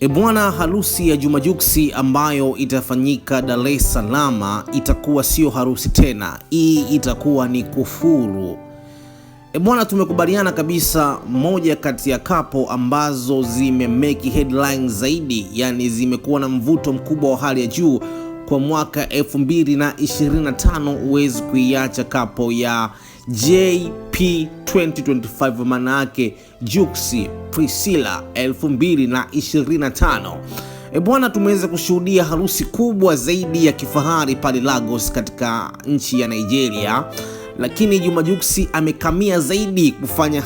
E bwana, harusi ya Juma ambayo itafanyika Dar es Salaam itakuwa sio harusi tena, hii itakuwa ni kufuru. E bwana, tumekubaliana kabisa, moja kati ya kapo ambazo zimemeki headline zaidi, yani zimekuwa na mvuto mkubwa wa hali ya juu kwa mwaka 2025, huwezi kuiacha kapo ya J 2025 maana yake Juksi Priscilla 2025. E bwana, tumeweza kushuhudia harusi kubwa zaidi ya kifahari pale Lagos katika nchi ya Nigeria, lakini Juma Juksi amekamia zaidi kufanya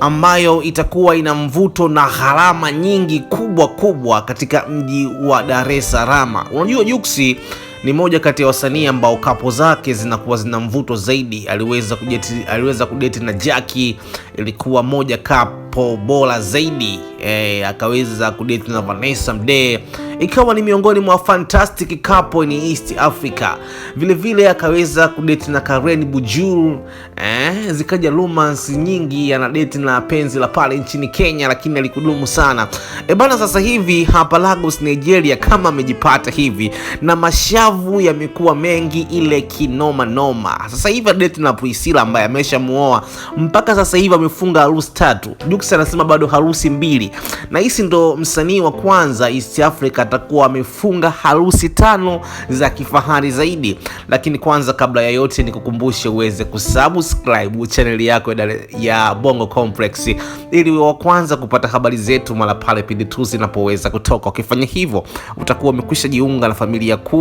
ambayo itakuwa ina mvuto na gharama nyingi kubwa kubwa katika mji wa Dar es Salaam. Unajua Juksi ni moja kati ya wasanii ambao kapo zake zinakuwa zina mvuto zaidi. Aliweza kudeti, aliweza kudeti na Jaki, ilikuwa moja kapo bora zaidi e, akaweza kudeti na Vanessa Mdee ikiwa ni miongoni mwa fantastic couple ni East Africa. Vilevile vile akaweza kudeti na Karen bujul eh, zikaja romance nyingi, anadeti na penzi la pale nchini Kenya, lakini alikudumu sana e bana. Sasa hivi hapa Lagos Nigeria, kama amejipata hivi na mashavu yamekuwa mengi ile kinoma noma. Sasa hivi adeti na Priscilla ambaye ameshamuoa mpaka sasa hivi amefunga harusi tatu, Jux anasema bado harusi mbili, na hisi ndo msanii wa kwanza East Africa atakuwa amefunga harusi tano za kifahari zaidi. Lakini kwanza, kabla ya yote, nikukumbushe uweze kusubscribe chaneli yako ya Bongo Complex ili wa kwanza kupata habari zetu mara pale pindi tu zinapoweza kutoka. Ukifanya hivyo, utakuwa umekwisha jiunga na familia kubwa